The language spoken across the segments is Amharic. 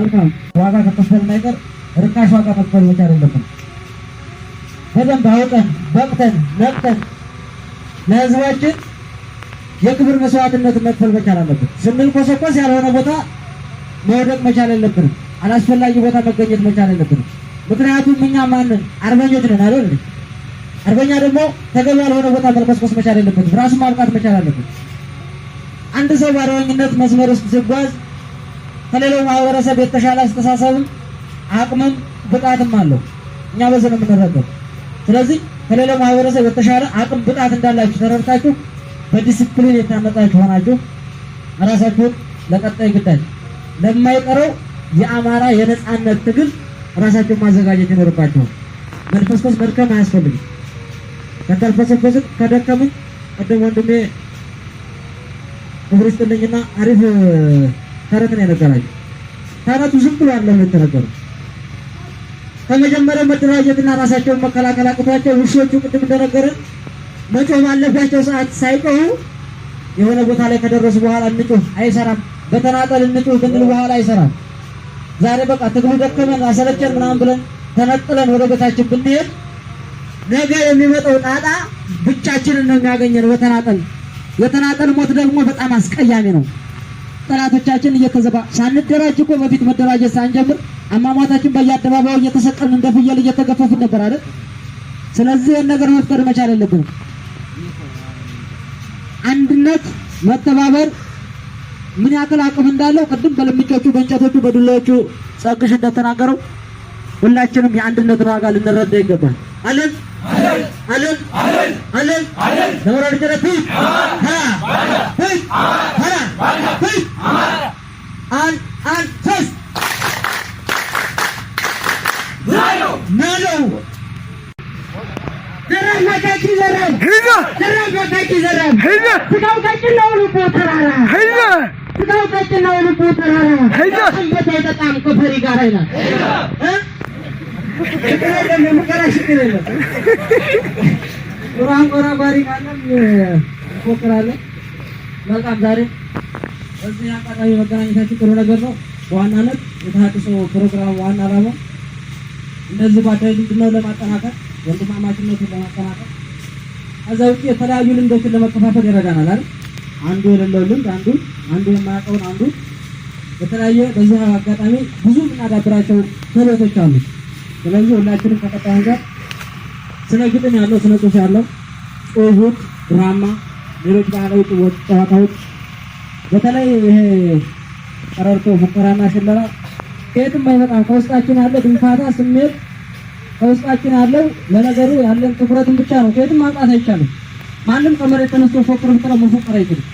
መልካም ዋጋ ከመክፈል አይቀር ርካሽ ዋጋ መክፈል መቻል የለብንም። በደንብ አውቀን በቅተን ነቅተን ለህዝባችን የክብር መስዋዕትነትን መክፈል መቻል አለብን። ስንልኮሰኮስ ያልሆነ ቦታ መውደቅ መቻል የለብንም። አላስፈላጊ ቦታ መገኘት መቻል የለብንም። ምክንያቱም እኛ ማንን አርበኞች ነን አለ አርበኛ ደግሞ ተገቢ ያልሆነ ቦታ መልኮስኮስ መቻል የለበትም። ራሱን ማብቃት መቻል አለበት። አንድ ሰው በአርበኝነት መስመር ውስጥ ሲጓዝ ከሌላው ማህበረሰብ የተሻለ አስተሳሰብም አቅምም ብቃትም አለው። እኛ በዚህ ነው የምንረገብ። ስለዚህ ከሌላው ማህበረሰብ የተሻለ አቅም ብቃት እንዳላችሁ ተረድታችሁ በዲስፕሊን የታነጻችሁ ሆናችሁ ራሳችሁን ለቀጣይ ግዳጅ ለማይቀረው የአማራ የነፃነት ትግል ራሳችሁን ማዘጋጀት ይኖርባችኋል። መንፈስፈስ መድከም አያስፈልግም። ከተልፈሰፈስን ከደከምን ቅድም ወንድሜ ክብር ይስጥልኝና አሪፍ ተረት ነው የነገራቸው። ተረቱ ዝም ብሎ አለ የተነገረው። ከመጀመሪያው መደራጀትና ራሳቸውን መከላከል አቅቷቸው ውሾቹ ቅድም እንደነገርን መጮህ ባለባቸው ሰዓት ሳይጮሁ የሆነ ቦታ ላይ ከደረሱ በኋላ እንጩህ አይሰራም። በተናጠል እንጩህ ብንል በኋላ አይሰራም። ዛሬ በቃ ትግሉ ደከመን አሰለቸን ምናምን ብለን ተነጥለን ወደ ቤታችን ብንሄድ ነገ የሚመጣው ጣጣ ብቻችንን ነው የሚያገኘን በተናጠል። የተናጠል ሞት ደግሞ በጣም አስቀያሚ ነው። ጠላቶቻችን እየተዘባ ሳንደራጅ እኮ በፊት መደራጀት ሳንጀምር አሟሟታችን በየአደባባዩ እየተሰቀልን እንደ ፍየል እየተገፈፍን ነበር አይደል? ስለዚህ ይህን ነገር መፍቀድ መቻል የለብንም። አንድነት፣ መተባበር ምን ያክል አቅም እንዳለው ቅድም በልምጮቹ፣ በእንጨቶቹ፣ በዱላዎቹ ጸግሽ እንደተናገረው ሁላችንም የአንድነትን ዋጋ ልንረዳ ይገባል። አለን አለን አለን አለን አለን and and test. Nalo. Nalo. ጋር ይላል። በጣም ዛሬ በዚህ አጋጣሚ መገናኘታችን ጥሩ ነገር ነው። በዋናነት የተሃድሶ ፕሮግራም ዋና ዓላማ እንደዚህ ባዳይ ምንድነው ለማጠናከር ወንድማማችነትን ለማጠናከር ከዛ ውጭ የተለያዩ ልምዶችን ለመከፋፈል ይረዳናል አይደል? አንዱ የሌለው ልምድ አንዱ አንዱ የማያውቀውን አንዱ የተለያየ በዚህ አጋጣሚ ብዙ የምናዳብራቸው ክህሎቶች አሉ። ስለዚህ ሁላችንም ከቀጣያን ጋር ስነ ግጥም ያለው ስነ ጽሁፍ ያለው ጽሁፎች፣ ድራማ፣ ሌሎች ባህላዊ ጨዋታዎች በተለይ ይሄ ቀረርቶ ሙከራና ሽለላ ከየትም አይመጣም። ከውስጣችን ያለ ድንፋታ ስሜት ከውስጣችን ያለው ለነገሩ ያለን ትኩረትን ብቻ ነው። ከየትም ማምጣት አይቻልም። ማንም ከመሬት ተነስቶ ፎቅር ፍቅረ መፎቀር አይችልም።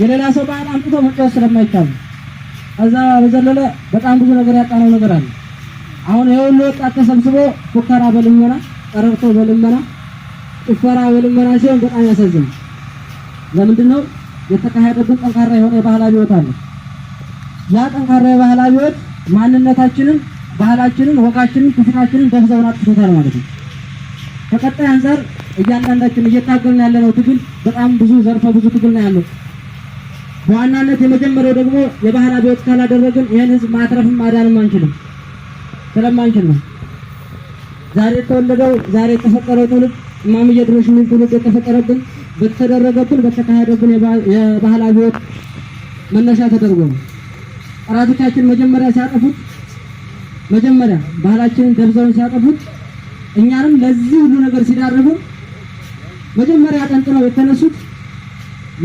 የሌላ ሰው በዓል አምጥቶ መጫወት ስለማይቻል ከዛ በዘለለ በጣም ብዙ ነገር ያጣነው ነገር አለ። አሁን የሁሉ ወጣት ተሰብስቦ ፉከራ በልመና ቀረርቶ በልመና ጭፈራ በልመና ሲሆን በጣም ያሳዝናል። ለምንድን ነው የተካሄደብን ጠንካራ የሆነ የባህል አብዮት አለ። ያ ጠንካራ የባህል አብዮት ማንነታችንን፣ ባህላችንን፣ ወጋችንን፣ ትውፊታችንን ደብዛውን አጥፍቶታል ማለት ነው። ከቀጣይ አንጻር እያንዳንዳችን እየታገልን ያለነው ትግል በጣም ብዙ ዘርፈ ብዙ ትግል ነው ያለው። በዋናነት የመጀመሪያው ደግሞ የባህል አብዮት ካላደረግን ይህን ህዝብ ማትረፍም ማዳንም አንችልም ስለማንችል ነው። ዛሬ የተወለደው ዛሬ የተፈጠረው ትውልድ እማምዬ ድረሽ የሚል ትውልድ የተፈጠረብን በተደረገብን በተካሄደብን የባህል አብዮት መነሻ ተደርጎ ነው። ጠላቶቻችን መጀመሪያ ሲያጠፉት መጀመሪያ ባህላችንን ደብዛውን ሲያጠፉት እኛንም ለዚህ ሁሉ ነገር ሲዳርጉን መጀመሪያ አጠንጥነው የተነሱት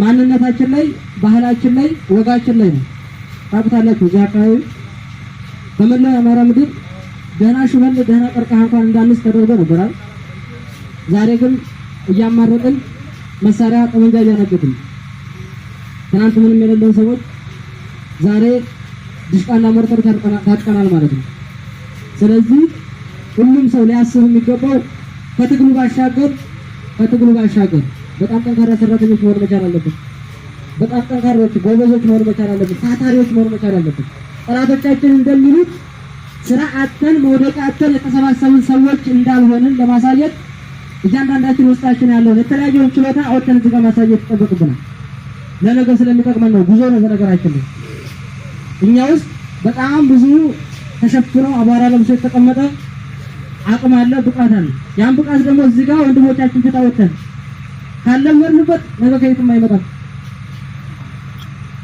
ማንነታችን ላይ፣ ባህላችን ላይ፣ ወጋችን ላይ ነው። ታውቁታላችሁ። እዚህ አካባቢ በመላው የአማራ ምድር ደህና ሽመል፣ ደህና ቀርቀሃ እንኳን እንዳንስ ተደርጎ ነበራል። ዛሬ ግን እያማረጥን መሳሪያ ጠመንጃ ቢያነገትም ትናንት ምንም የሌለን ሰዎች ዛሬ ድሽቃና ሞርተር ታጥቀናል ማለት ነው። ስለዚህ ሁሉም ሰው ሊያስብ የሚገባው ከትግሉ ባሻገር ከትግሉ ባሻገር በጣም ጠንካራ ሰራተኞች መሆን መቻል አለበት። በጣም ጠንካሮች ጎበዞች መሆን መቻል አለበት። ታታሪዎች መሆን መቻል አለበት። ጠላቶቻችን እንደሚሉት ስራ አጥተን መውደቅ አጥተን የተሰባሰብን ሰዎች እንዳልሆንን ለማሳየት እያንዳንዳችን ውስጣችን ያለውን የተለያየውን ችሎታ አወጥተን እዚህ ጋር ማሳየት ይጠበቅብናል። ለነገ ስለሚጠቅመን ነው። ጉዞ ነው። በነገራችን ነው እኛ ውስጥ በጣም ብዙ ተሸፍኖ አቧራ ለብሶ የተቀመጠ አቅም አለ፣ ብቃት አለ። ያን ብቃት ደግሞ እዚህ ጋር ወንድሞቻችን ፊት አወጥተን ካለመድንበት ነገ ከየትም አይመጣም።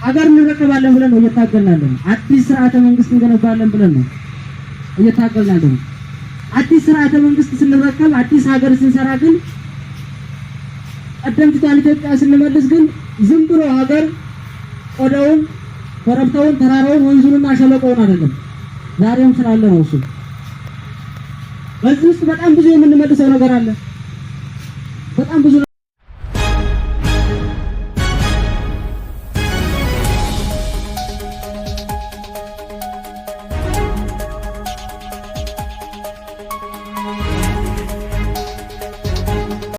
ሀገር እንረከባለን ብለን ነው እየታገልናለን። አዲስ ስርዓተ መንግስት እንገነባለን ብለን ነው እየታገልናለን። አዲስ ስርዓተ መንግስት ስንረከብ አዲስ ሀገር ስንሰራ ግን ቀደምቷን ኢትዮጵያ ስንመልስ ግን ዝም ብሎ ሀገር ቆዳውን፣ ኮረብታውን፣ ተራራውን፣ ወንዙንና ሸለቆውን አይደለም ዛሬም ስላለ ነው እሱ። በዚህ ውስጥ በጣም ብዙ የምንመልሰው ነገር አለ። በጣም ብዙ